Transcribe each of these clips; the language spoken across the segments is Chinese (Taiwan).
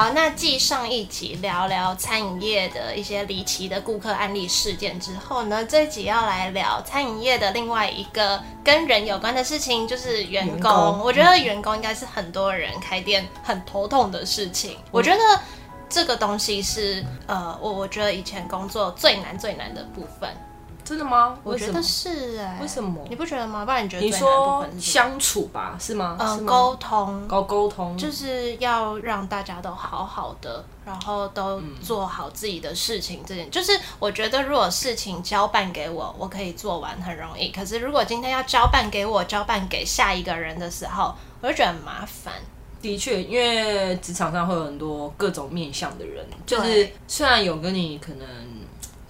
好，那繼上一集聊聊餐飲業的一些離奇的顧客案例事件之後呢，這一集要來聊餐飲業的另外一個跟人有關的事情，就是員工。員工，我覺得員工應該是很多人開店很頭痛的事情。嗯，我覺得這個東西是，呃，我我覺得以前工作最難最難的部分。真的嗎？我覺得是哎、欸，為什麼？你不覺得嗎？不然你覺得？你說相處吧，是嗎？嗯、呃，溝通，搞溝通，就是要讓大家都好好的，然後都做好自己的事情。這點、嗯、就是，我覺得如果事情交辦給我，我可以做完，很容易。可是如果今天要交辦給我，交辦給下一個人的時候，我就覺得很麻煩。的確，因為職場上會有很多各種面向的人，就是雖然有跟你可能。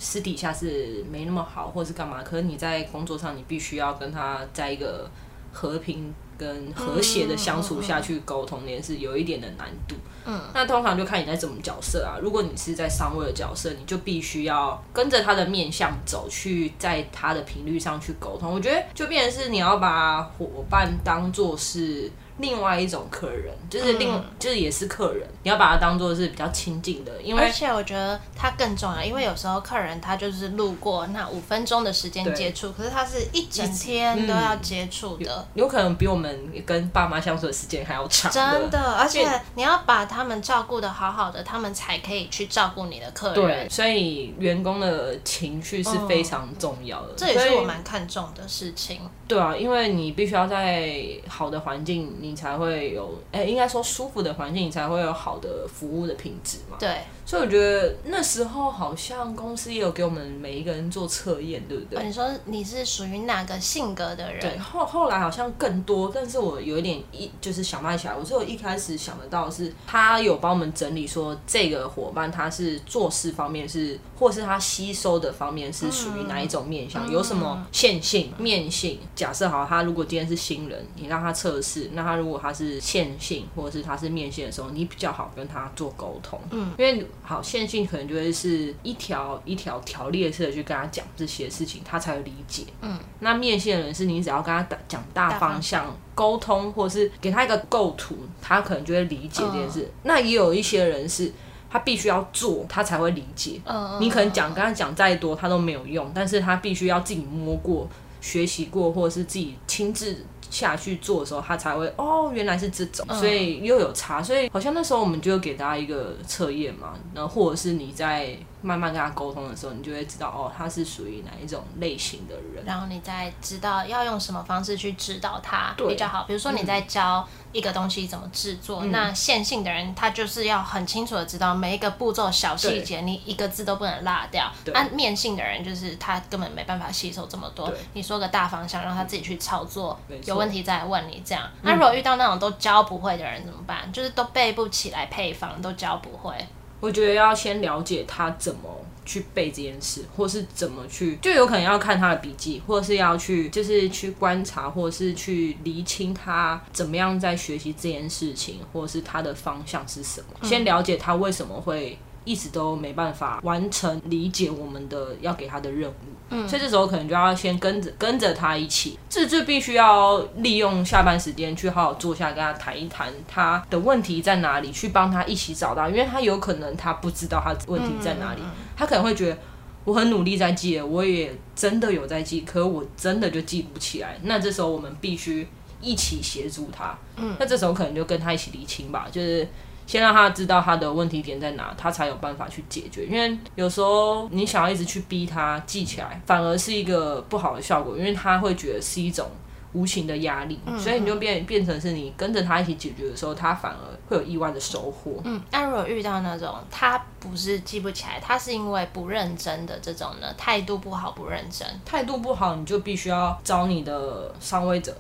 私底下是沒那麼好，或者是幹嘛？可是你在工作上，你必須要跟他在一個和平跟和諧的相處下去溝通，嗯嗯嗯、也是有一點的難度。嗯，那通常就看你在怎麼角色啊？如果你是在上位的角色，你就必須要跟着他的面向走去，在他的頻率上去溝通。我覺得就變成是你要把夥伴當做是。另外一種客人就是另、嗯、就是也是客人，你要把他當做是比較親近的，因為而且我覺得他更重要，因為有時候客人他就是路過那五分鐘的時間接觸，對可是他是一整天都要接觸的、嗯有，有可能比我們跟爸媽相處的時間還要長，真的。而且你要把他們照顧的好好的，他們才可以去照顧你的客人。對，所以員工的情緒是非常重要的，這也是我蠻看重的事情。以以對啊，因為你必須要在好的環境你。你才會有，哎、欸，應該說舒服的環境，你才會有好的服務的品質嘛。對，所以我覺得那時候好像公司也有給我們每一個人做測驗，對不對？哦、你說你是屬於哪個性格的人？對，後後來好像更多，但是我有一點一就是想不起來。我說我一開始想得到的是，他有幫我們整理說這個夥伴他是做事方面是，或是他吸收的方面是屬於哪一種面向？嗯嗯、有什麼線性、面性？假設好，他如果今天是新人，你讓他測試，那他。如果他是線性，或者是他是面線的時候，你比較好跟他做溝通，嗯，因為好線性可能就會是一條一條條列式的去跟他講這些事情，他才會理解，嗯。那面線人是，你只要跟他講大方向溝通，或者是給他一個構圖，他可能就會理解這件事。嗯。那也有一些人是，他必須要做，他才會理解。嗯，你可能講跟他講再多，他都沒有用，但是他必須要自己摸過、學習過，或者是自己親自。下去做的時候，他才會哦，原來是這種，所以又有差，所以好像那時候我們就給大家一個測驗嘛，然後或者是你在。慢慢跟他溝通的時候，你就會知道哦，他是屬於哪一種類型的人，然後你再知道要用什麼方式去指導他對比較好。比如說你在教一個東西怎麼製作，嗯、那線性的人他就是要很清楚的知道每一個步驟、小細節，你一個字都不能落掉。那對、啊、面性的人就是他根本沒辦法吸收這麼多，對你說個大方向，讓他自己去操作，嗯、有問題再問你。這樣，那錯、啊、如果遇到那種都教不會的人怎麼辦？嗯、就是都背不起來配方，都教不會。我覺得要先了解他怎麼去背這件事，或是怎麼去，就有可能要看他的筆記，或是要去，就是去觀察，或是去釐清他怎麼樣在學習這件事情，或是他的方向是什麼。嗯、先了解他為什麼會。一直都沒辦法完成理解我們的要給他的任務，嗯，所以這時候可能就要先跟着跟着他一起，這就必須要利用下班時間去好好坐下跟他談一談他的問題在哪裡，去幫他一起找到，因為他有可能他不知道他問題在哪裡，他可能會覺得我很努力在記，我也真的有在記，可我真的就記不起來，那這時候我們必須一起協助他，嗯，那這時候可能就跟他一起釐清吧，就是。先讓他知道他的問題點在哪，他才有辦法去解決。因為有時候你想要一直去逼他記起來，反而是一個不好的效果，因為他會覺得是一種無形的壓力。所以你就變變成是你跟着他一起解決的時候，他反而會有意外的收穫。嗯，那如果遇到那種他不是記不起來，他是因為不認真的這種呢？態度不好，不認真，態度不好，你就必須要找你的上位者。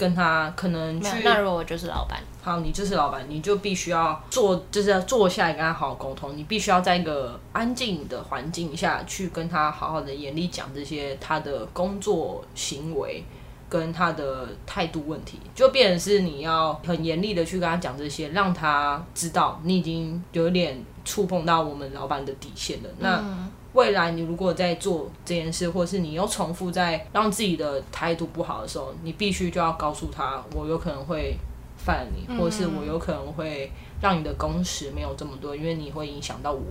跟他可能去。那如果我就是老闆，好，你就是老闆，你就必須要坐，就是要坐下來跟他好好溝通。你必須要在一個安靜的環境下去跟他好好的嚴厲講這些他的工作行為跟他的態度問題，就變成是你要很嚴厲的去跟他講這些，讓他知道你已經有點觸碰到我們老闆的底線了。那未來你如果在做這件事，或是你又重複在讓自己的態度不好的時候，你必須就要告訴他，我有可能會 fire 你，或是我有可能會讓你的工時沒有這麼多，因為你會影響到我。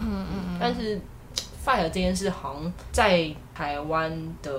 嗯嗯，但是 fire 這件事，好像在台灣的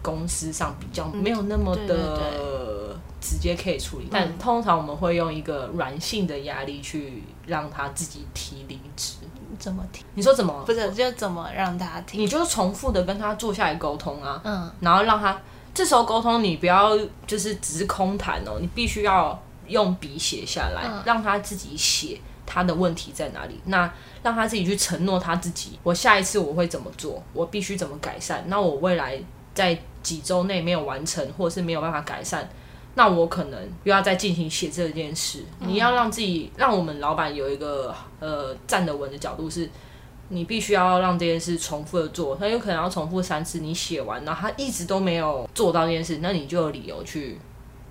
公司上比較沒有那麼的直接可以處理，但通常我們會用一個軟性的壓力去讓他自己提離職。怎麼聽？你說怎麼？不是，就怎麼讓他聽？你就重複的跟他坐下來溝通啊。嗯，然後讓他這時候溝通，你不要就是只是空談哦，你必須要用筆寫下來，嗯、讓他自己寫他的問題在哪裡。那讓他自己去承諾他自己，我下一次我會怎麼做？我必須怎麼改善？那我未來在幾周內沒有完成，或者是沒有辦法改善，那我可能又要再進行寫這件事，你要讓自己，讓我們老板有一個呃，站得穩的角度，是，你必須要讓這件事重複的做，他有可能要重複三次，你寫完，然後他一直都沒有做到這件事，那你就有理由去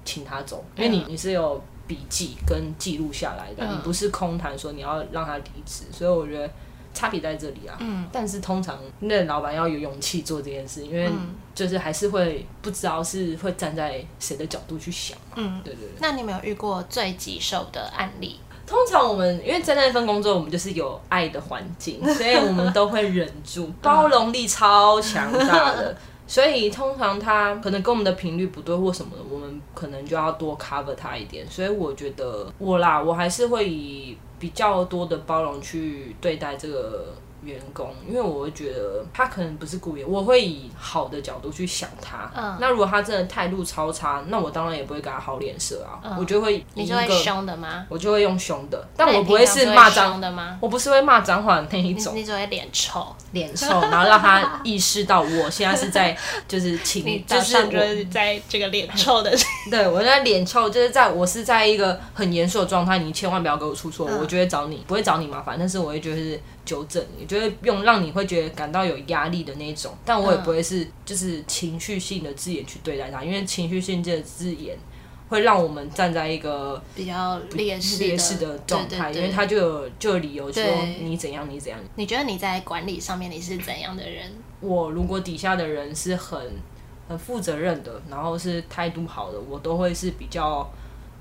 請他走，因為你你是有筆記跟記錄下來的，你不是空談說你要讓他離職，所以我覺得。差別在這裡啊，嗯、但是通常那老闆要有勇氣做這件事，因為就是還是會不知道是會站在誰的角度去想嘛。嗯，對，對對。那你有沒有遇過最棘手的案例？通常我們因為站在那一份工作，我們就是有愛的環境， 所以我們都會忍住，包容力超強大的。嗯 所以通常他可能跟我們的頻率不對或什麼的，我們可能就要多 cover 他一點。所以我覺得我啦，我還是會以比較多的包容去對待這個員工，因為我會覺得他可能不是故意，我會以好的角度去想他。嗯，那如果他真的態度超差，那我當然也不會給他好臉色啊。嗯、我就會，你就會凶的嗎？我就會用凶的，但我不會是罵髒的嗎？我不是會罵髒話的那一種。你，你就會臉臭，臉臭，然後讓他意識到我 現在是在就是請，你打就是我就是在這個臉臭的 對。對我在臉臭，就是在我是在一個很嚴肅的狀態，你千萬不要給我出錯，嗯、我就會找你，不會找你麻煩，但是我會覺得是。糾正，也就會用讓你會覺得感到有壓力的那種，但我也不會是就是情緒性的字眼去對待他，因為情緒性這字眼會讓我們站在一個比較劣勢的狀態。對對對，因為他就有就有理由說你怎樣你怎樣。你覺得你在管理上面你是怎樣的人？我如果底下的人是很很負責任的，然後是態度好的，我都會是比較。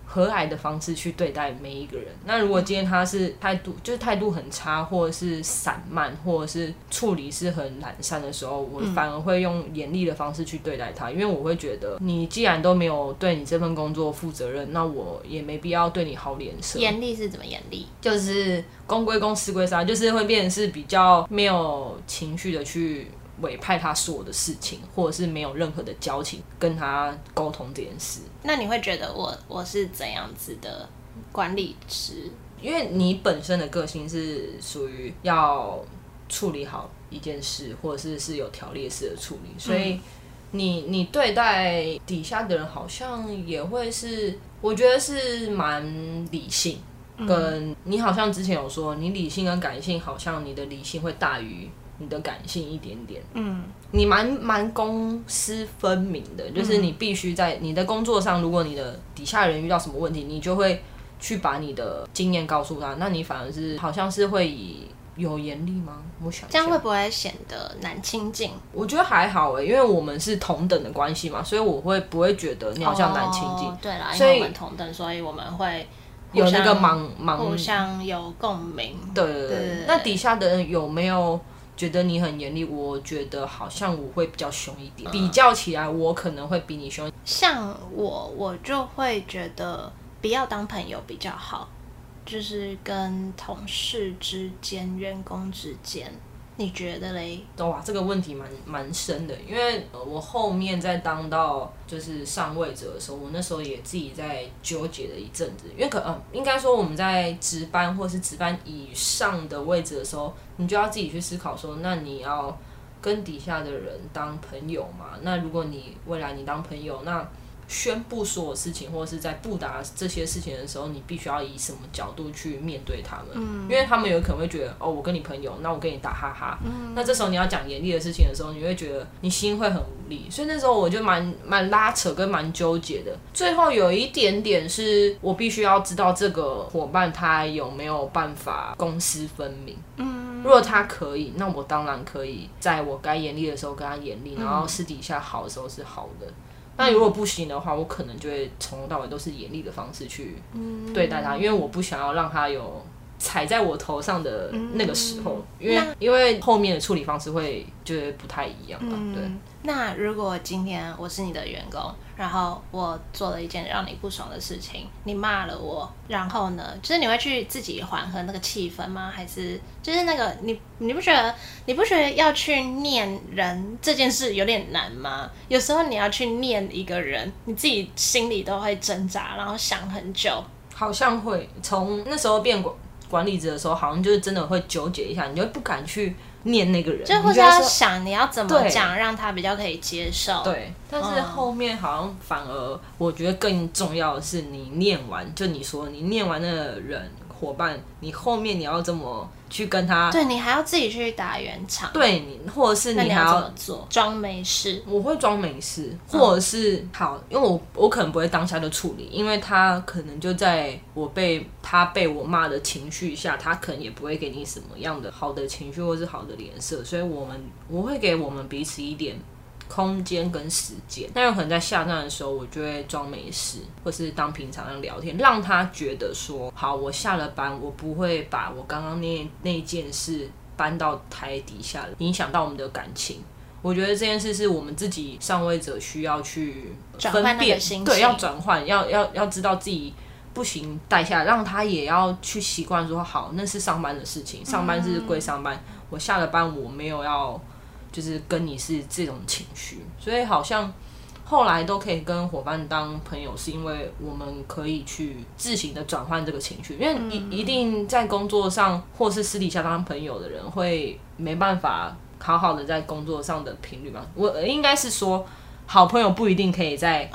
和藹的方式去對待每一個人。那如果今天他是態度、嗯、就是態度很差，或者是散漫，或者是處理是很懶散的時候，我反而會用嚴厲的方式去對待他，嗯、因為我會覺得你既然都沒有對你這份工作負責任，那我也沒必要對你好臉色。嚴厲是怎麼嚴厲？就是公歸公，私歸私，就是會變成是比較沒有情緒的去委派他做的事情，或者是沒有任何的交情跟他溝通這件事。那你會覺得我我是怎樣子的管理師？因為你本身的個性是屬於要處理好一件事，或者是是有條列式的處理，所以你你對待底下的人好像也會是，我覺得是蠻理性。跟你好像之前有說，你理性跟感性，好像你的理性會大於，你的感性一點點，嗯，你蠻蠻公私分明的，就是你必須在你的工作上，如果你的底下人遇到什麼問題，你就會去把你的經驗告訴他，那你反而是好像是會以有嚴厲嗎？我想。這樣會不會顯得難親近？我覺得還好誒、欸，因為我們是同等的關係嘛，所以我會不會覺得你好像難親近、哦？對啦，所以，因為我們同等，所以我們會有那個忙忙互相有共鳴。對對對，對，對，那底下的人有沒有？覺得你很嚴厲，我覺得好像我會比較凶一點。嗯、比較起來，我可能會比你凶。像我，我就會覺得不要當朋友比較好，就是跟同事之間、員工之間。你覺得嘞？哇，這個問題蠻蠻深的，因為我後面在當到就是上位者的時候，我那時候也自己在糾結了一陣子，因為可呃、嗯，應該說我們在值班或是值班以上的位置的時候，你就要自己去思考說，那你要跟底下的人當朋友嘛？那如果你未來你當朋友，那宣布所有事情，或者是在布達這些事情的時候，你必須要以什麼角度去面對他們？嗯，因為他們有可能會覺得哦，我跟你朋友，那我跟你打哈哈。嗯，那這時候你要講嚴厲的事情的時候，你會覺得你心會很無力。所以那時候我就蠻蠻拉扯跟蠻糾結的。最後有一點點是我必須要知道這個夥伴他有沒有辦法公私分明。嗯，如果他可以，那我當然可以在我該嚴厲的時候跟他嚴厲，然後私底下好的時候是好的。那如果不行的話，我可能就會從頭到尾都是嚴厲的方式去對待他，因為我不想要讓他有踩在我頭上的那個時候，嗯、因為那因為後面的處理方式會覺得不太一樣嘛。對。那如果今天我是你的員工，然後我做了一件讓你不爽的事情，你罵了我，然後呢，就是你會去自己緩和那個氣氛嗎？還是就是那個你你不覺得你不覺得要去念人這件事有點難嗎？有時候你要去念一個人，你自己心裡都會掙扎，然後想很久。好像會從那時候變過。管理者的時候，好像就是真的會糾結一下，你就不敢去念那個人，就或者要想你要怎麼講對讓他比較可以接受。對，但是後面好像反而我覺得更重要的是，你念完，嗯、就你說你念完那個人夥伴，你後面你要這麼？去跟他對，你還要自己去打圓場，對，你或者是你還要你做裝沒事，我會裝沒事，或者是好，因為我我可能不會當下就處理，因為他可能就在我被他被我罵的情緒下，他可能也不會給你什麼樣的好的情緒或是好的臉色，所以我們我會給我們彼此一點。空間跟時間，那有可能在下站的時候，我就會裝沒事，或是當平常人聊天，讓他覺得說好，我下了班，我不會把我剛剛那那件事搬到檯底下，影響到我們的感情。我覺得這件事是我們自己上位者需要去分辨，轉換那個心情。對，要轉換，要要要知道自己不行帶下來，讓他也要去習慣說好，那是上班的事情，上班是歸上班。嗯、我下了班，我沒有要。就是跟你是這種情緒，所以好像後來都可以跟夥伴當朋友，是因為我們可以去自行的轉換這個情緒，因為一一定在工作上或是私底下當朋友的人，會沒辦法好好的在工作上的頻率嘛。我應該是說，好朋友不一定可以在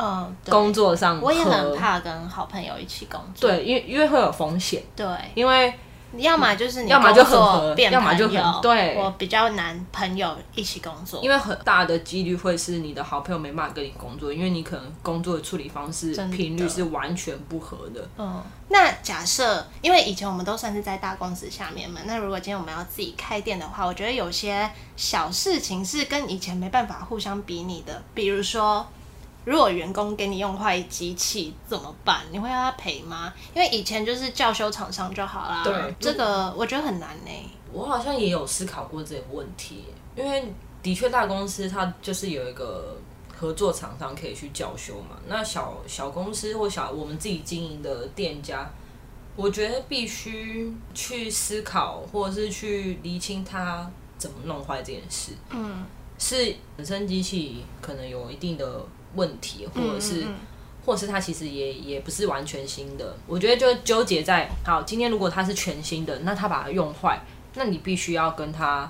工作上。嗯。我也很怕跟好朋友一起工作，對，因為因為會有風險。對，因為。要麼就是你工作要麼就很合，變朋友，要麼就很對，我比較難朋友一起工作。因為很大的幾率會是你的好朋友沒辦法跟你工作，因為你可能工作的處理方式、頻率是完全不合的。的的嗯，那假設，因為以前我們都算是在大公司下面嘛，那如果今天我們要自己開店的話，我覺得有些小事情是跟以前沒辦法互相比擬的，比如說。如果員工給你用壞機器怎麼辦？你會要他賠嗎？因為以前就是叫修廠商就好啦。對，這個我覺得很難呢、欸嗯。我好像也有思考過這個問題，因為的確大公司他就是有一個合作廠商可以去叫修嘛。那小小公司或小我們自己經營的店家，我覺得必須去思考，或者是去釐清他怎麼弄壞這件事。嗯，是本身機器可能有一定的。問題，或者是，或是他其實也也不是完全新的。我覺得就糾結在，好，今天如果他是全新的，那他把它用壞，那你必須要跟他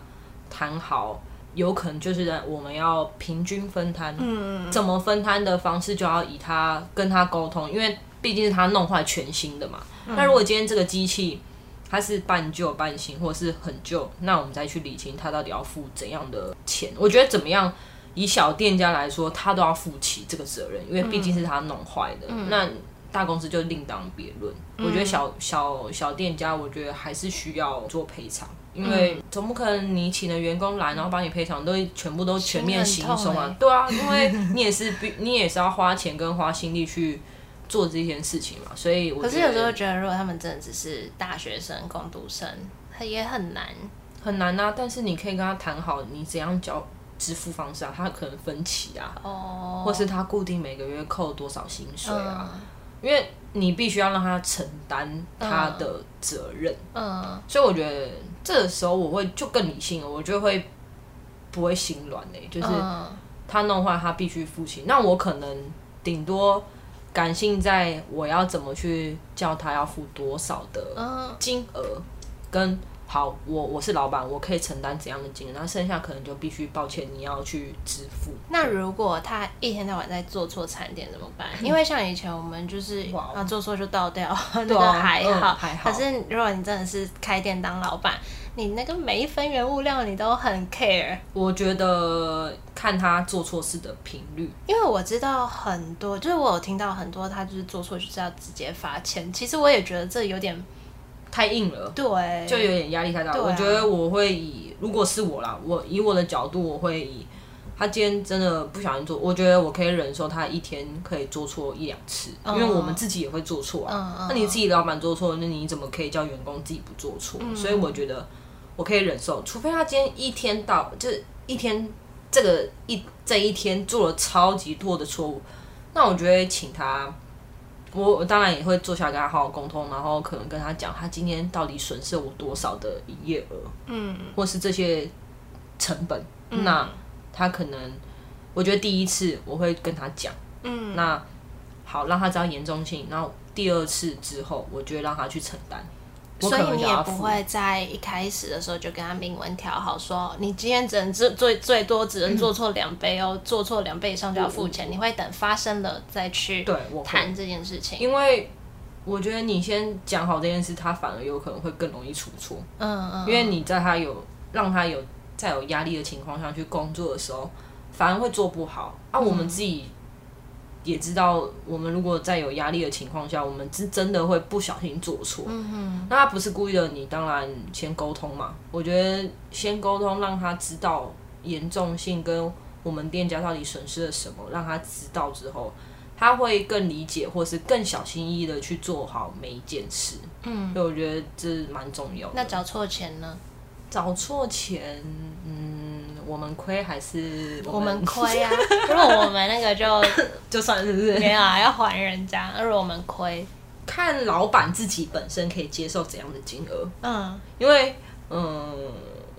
談好，有可能就是我們要平均分攤，嗯，怎麼分攤的方式就要以他跟他溝通，因為畢竟是他弄壞全新的嘛。那如果今天這個機器它是半舊半新，或者是很舊，那我們再去理清他到底要付怎樣的錢。我覺得怎麼樣？以小店家來說，他都要負起這個責任，因為畢竟是他弄壞的。嗯、那大公司就另當別論。嗯、我覺得小小小店家，我覺得還是需要做賠償，嗯、因為總不可能你請的員工來，然後幫你賠償，都全部都全面行鬆啊？欸、對啊，因為你也是 你也是要花錢跟花心力去做這件事情嘛。所以我，可是有時候覺得，如果他們真的只是大學生、工讀生，他也很難，很難啊。但是你可以跟他談好，你怎樣交。支付方式啊，他可能分期啊，oh. 或是他固定每個月扣多少薪水啊，uh. 因為你必須要讓他承擔他的責任。嗯，uh. 所以我覺得這個時候我會就更理性了，我就會不會心軟呢、欸？就是他弄壞，他必須付錢。Uh. 那我可能頂多感性在我要怎麼去叫他要付多少的金額跟。好，我我是老闆，我可以承擔怎樣的金額？然後剩下可能就必須抱歉，你要去支付。那如果他一天到晚在做錯餐點怎麼辦？嗯、因為像以前我們就是、哦、啊做錯就倒掉，那還好還好。嗯、還好，可是如果你真的是開店當老闆，你那個每一分原物料你都很 care。我覺得看他做錯事的頻率，因為我知道很多，就是我有聽到很多他就是做錯就是要直接罰錢。其實我也覺得這有點。太硬了，對，就有點壓力太大。啊、我覺得我會以，如果是我啦，我以我的角度，我會以他今天真的不小心做，我覺得我可以忍受他一天可以做錯一兩次，嗯、因為我們自己也會做錯啊。嗯嗯、那你自己老板做錯，那你怎麼可以叫員工自己不做錯？嗯、所以我覺得我可以忍受，除非他今天一天到，就是一天這個一這一天做了超級多的錯誤，那我覺得請他。我當然也會坐下來跟他好好溝通，然後可能跟他講，他今天到底損失了我多少的營業額，嗯，或是這些成本，嗯、那他可能，我覺得第一次我會跟他講，嗯，那好讓他知道嚴重性，然後第二次之後，我就會讓他去承擔。所以你也不會在一開始的時候就跟他明文調好，說你今天只能做最，最多只能做錯兩杯哦，嗯、做錯兩杯以上就要付錢。你會等發生了再去談這件事情。因為我覺得你先講好這件事，他反而有可能會更容易出錯，嗯。嗯嗯，因為你在他有讓他有在有壓力的情況下去工作的時候，反而會做不好啊。我們自己。嗯也知道，我們如果在有壓力的情況下，我們是真的會不小心做錯。嗯哼。那他不是故意的，你當然先溝通嘛。我覺得先溝通，讓他知道嚴重性跟我們店家到底損失了什麼，讓他知道之後，他會更理解或是更小心翼翼的去做好每一件事。嗯，所以我覺得這是蠻重要。那找錯錢呢？找錯錢。嗯。我們虧還是我們虧啊？ 如果我們那個就 就算是，是沒有、啊，要還人家。而我們虧，看老闆自己本身可以接受怎樣的金額。嗯，因為嗯，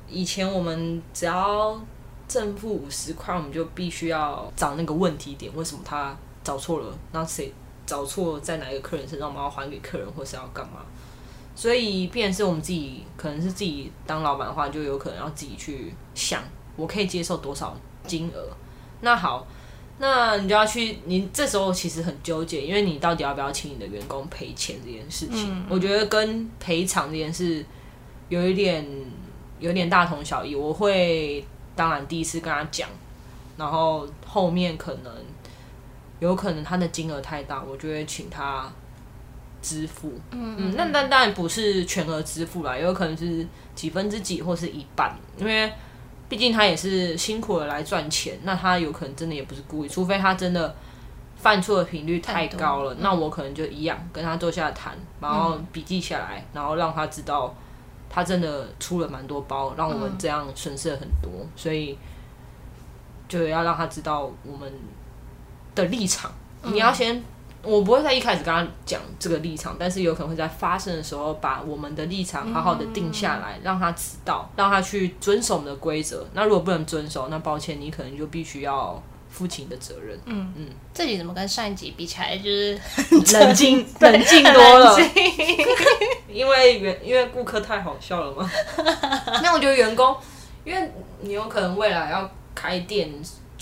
以前我們只要正負五十塊，我們就必須要找那個問題點，為什麼他找錯了？那誰找錯在哪一個客人身上？我們要還給客人，或是要幹嘛？所以，變成是我們自己，可能是自己當老闆的話，就有可能要自己去想。我可以接受多少金額？那好，那你就要去。你這時候其實很糾結，因為你到底要不要請你的員工賠錢這件事情？嗯嗯，我覺得跟賠償這件事有一點有一點大同小異。我會當然第一次跟他講，然後後面可能有可能他的金額太大，我就會請他支付。嗯、嗯、嗯、嗯，那那當然不是全額支付啦，有可能是幾分之幾或是一半，因為。畢竟他也是辛苦的來賺錢，那他有可能真的也不是故意，除非他真的犯錯的頻率太高了，了那我可能就一樣跟他坐下談，然後筆記下來，嗯、然後讓他知道他真的出了蠻多包，讓我們這樣損失了很多，嗯、所以就要讓他知道我們的立場，嗯、你要先。我不會在一開始跟他講這個立場，但是有可能會在發生的時候把我們的立場好好的定下來，嗯、讓他知道，讓他去遵守我們的規則。那如果不能遵守，那抱歉，你可能就必須要負起你的責任。嗯嗯，嗯這集怎麼跟上一集比起來就是 冷靜冷靜多了？ 因為員因為顧客太好笑了嘛。 那我覺得員工，因為你有可能未來要開店。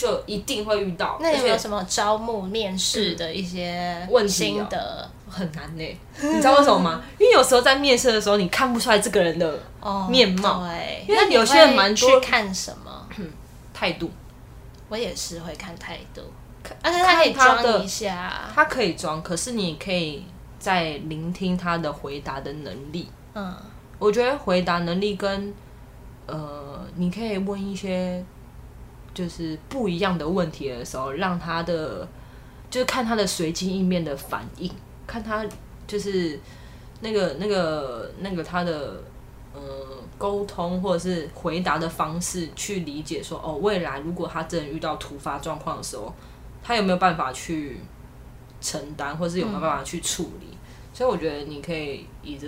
就一定會遇到。那你有沒有什麼招募、面試的一些心得，嗯、問心的，哦，很難呢？你知道為什麼嗎？ 因為有時候在面試的時候，你看不出來這個人的面貌。哦、對，因為有些人蠻多。去看什麼態度？我也是會看態度，而且、啊、他可以裝一下，啊，他可以裝。可是你可以在聆聽他的回答的能力。嗯，我覺得回答能力跟呃，你可以問一些。就是不一樣的問題的時候，讓他的就是看他的隨機應變的反應，看他就是那個那個那個他的呃溝通或者是回答的方式去理解說哦，未來如果他真的遇到突發狀況的時候，他有沒有辦法去承擔，或者是有沒有辦法去處理？嗯、所以我覺得你可以以着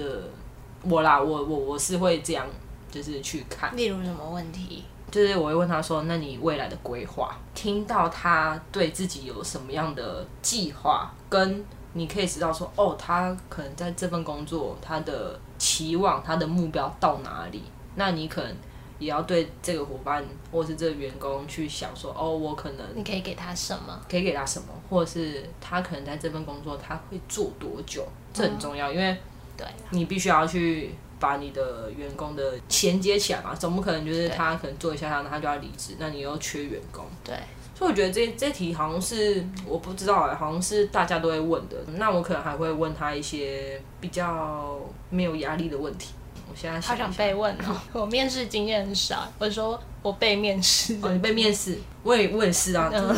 我啦，我我我是會這樣就是去看，例如什麼問題？就是我會問他說：“那你未來的規劃？”聽到他對自己有什麼樣的計劃，跟你可以知道說：“哦，他可能在這份工作，他的期望、他的目標到哪裡？”那你可能也要對這個夥伴或是這個員工去想說：“哦，我可能你可以給他什麼？可以給他什麼？或者是他可能在這份工作他會做多久？這很重要，嗯、因為對，你必須要去。”把你的員工的銜接起來嘛，總不可能就是他可能做一下他、他對他就要離職，那你又缺員工。對，所以我覺得這這題好像是我不知道哎、欸，好像是大家都會問的。那我可能還會問他一些比較沒有壓力的問題。我現在好想，想，想被問哦！我面試經驗很少，我就說我被面試，我被面試，我也我也是啊、嗯。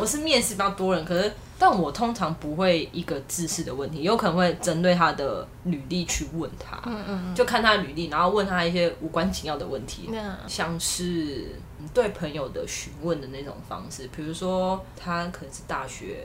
我是面試比較多人，可是但我通常不會一個制式的問題，有可能會針對他的履歷去問他，嗯嗯，就看他的履歷，然後問他一些無關緊要的問題，嗯、像是對朋友的詢問的那種方式，比如說他可能是大學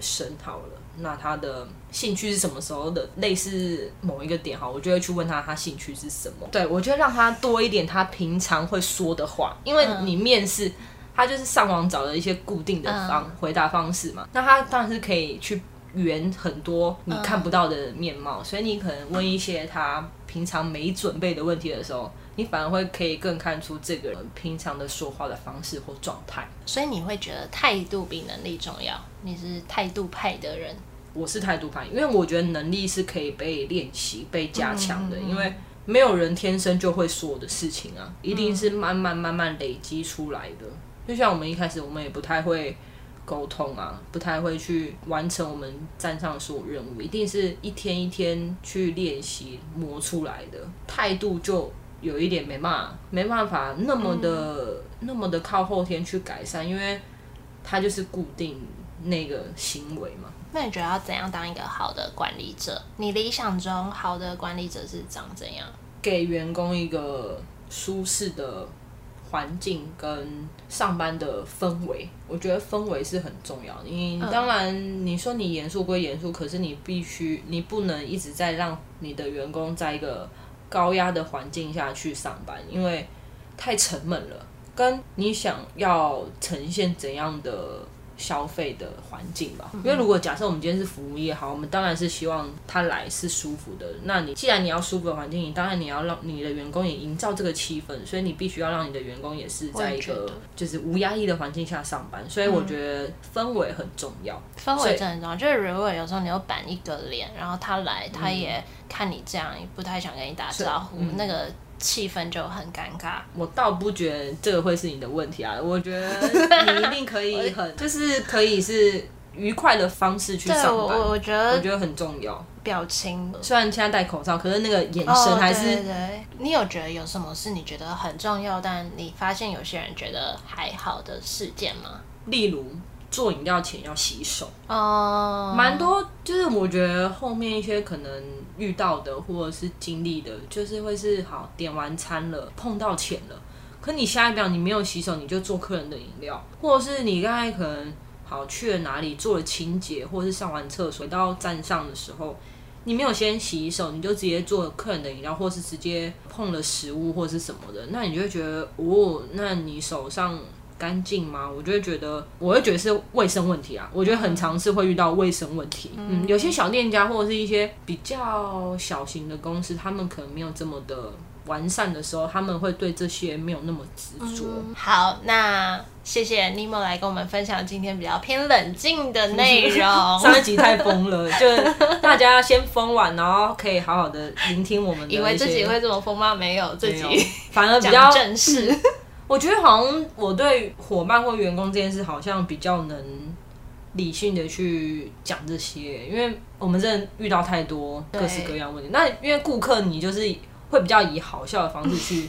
生好了。那他的興趣是什麼時候的？類似某一個點哈，我就會去問他，他興趣是什麼？對，我就會讓他多一點他平常會說的話，因為你面試、嗯、他就是上網找的一些固定的方、嗯、回答方式嘛。那他當然是可以去圓很多你看不到的面貌，嗯、所以你可能問一些他平常沒準備的問題的時候，你反而會可以更看出這個人平常的說話的方式或狀態。所以你會覺得態度比能力重要？你是不是態度派的人，我是態度派，因為我覺得能力是可以被練習、被加強的。嗯嗯嗯，因為沒有人天生就會說的事情啊，一定是慢慢、慢慢累積出來的。嗯、就像我們一開始，我們也不太會溝通啊，不太會去完成我們站上所有任務，一定是一天一天去練習磨出來的。態度就有一點沒辦法，沒辦法那麼的、嗯、那麼的靠後天去改善，因為它就是固定。那個行為嘛？那你覺得要怎樣當一個好的管理者？你理想中好的管理者是長怎樣？給員工一個舒適的環境跟上班的氛圍，我覺得氛圍是很重要。因為當然你說你嚴肅歸嚴肅，可是你必須你不能一直在讓你的員工在一個高壓的環境下去上班，因為太沉悶了。跟你想要呈現怎樣的？消費的環境吧，嗯、哼因為如果假設我們今天是服務業，好，我們當然是希望他來是舒服的。那你既然你要舒服的環境，你當然你要讓你的員工也營造這個氣氛，所以你必須要讓你的員工也是在一個就是無壓抑的環境下上班。所以我覺得氛圍很重要，氛圍、嗯、以真的很重要。以就是如果有時候你有板一個臉，然後他來，他也看你這樣，嗯、也不太想跟你打招呼，嗯、那個。氣氛就很尷尬。我倒不覺得這個會是你的問題啊，我覺得你一定可以，很， 就是可以是愉快的方式去上班。我我覺得我覺得很重要。表情雖然現在戴口罩，可是那個眼神還是。哦、對對對。你有覺得有什麼是你覺得很重要，但你發現有些人覺得還好的事件嗎？例如。做飲料前要洗手哦，蠻多就是我覺得後面一些可能遇到的或者是經歷的，就是會是好點完餐了碰到錢了，可你下一秒你沒有洗手你就做客人的飲料，或者是你剛才可能好去了哪裡做了清潔，或者是上完廁所到站上的時候，你沒有先洗手你就直接做了客人的飲料，或是直接碰了食物或是什麼的，那你就會覺得哦，那你手上。乾淨嗎？我就會覺得，我會覺得是衛生問題啊。我覺得很常是會遇到衛生問題。嗯，嗯，有些小店家或者是一些比較小型的公司，他們可能沒有這麼的完善的時候，他們會對這些沒有那麼執着、嗯。好，那謝謝 Nimo 來跟我們分享今天比較偏冷靜的內容。上一 集太瘋了， 就大家先瘋完，然後可以好好的聆聽我們的。以為自己會這麼瘋嗎？沒有，自己反而比較正式。 我覺得好像我對夥伴或員工這件事好像比較能理性的去講這些，因為我們真的遇到太多對各式各樣的問題。那因為顧客，你就是會比較以好笑的方式去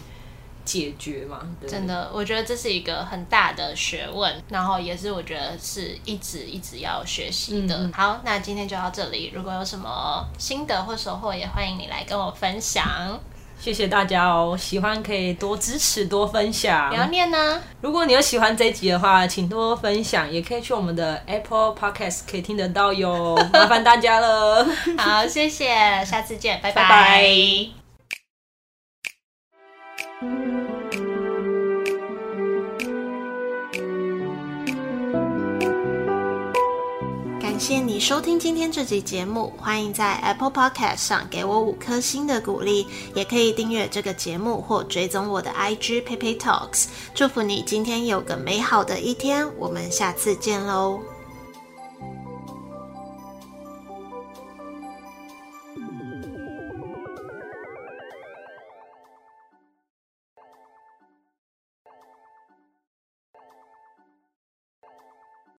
解決嘛。 對真的，我覺得這是一個很大的學問，然後也是我覺得是一直一直要學習的。嗯、好，那今天就到這裡。如果有什麼心得或收穫，也歡迎你來跟我分享。謝謝大家哦，喜歡可以多支持多分享。不要念啊？如果你有喜歡這一集的話，請多多分享，也可以去我們的 Apple Podcast 可以聽得到喲。麻煩大家了。 好，謝謝，下次見， 拜拜。謝謝你收聽今天這集節目，歡迎在 Apple Podcast 上給我五顆星的鼓勵，也可以訂閱這個節目或追蹤我的 IG PeiPeiTalks。祝福你今天有個美好的一天，我們下次見嘍！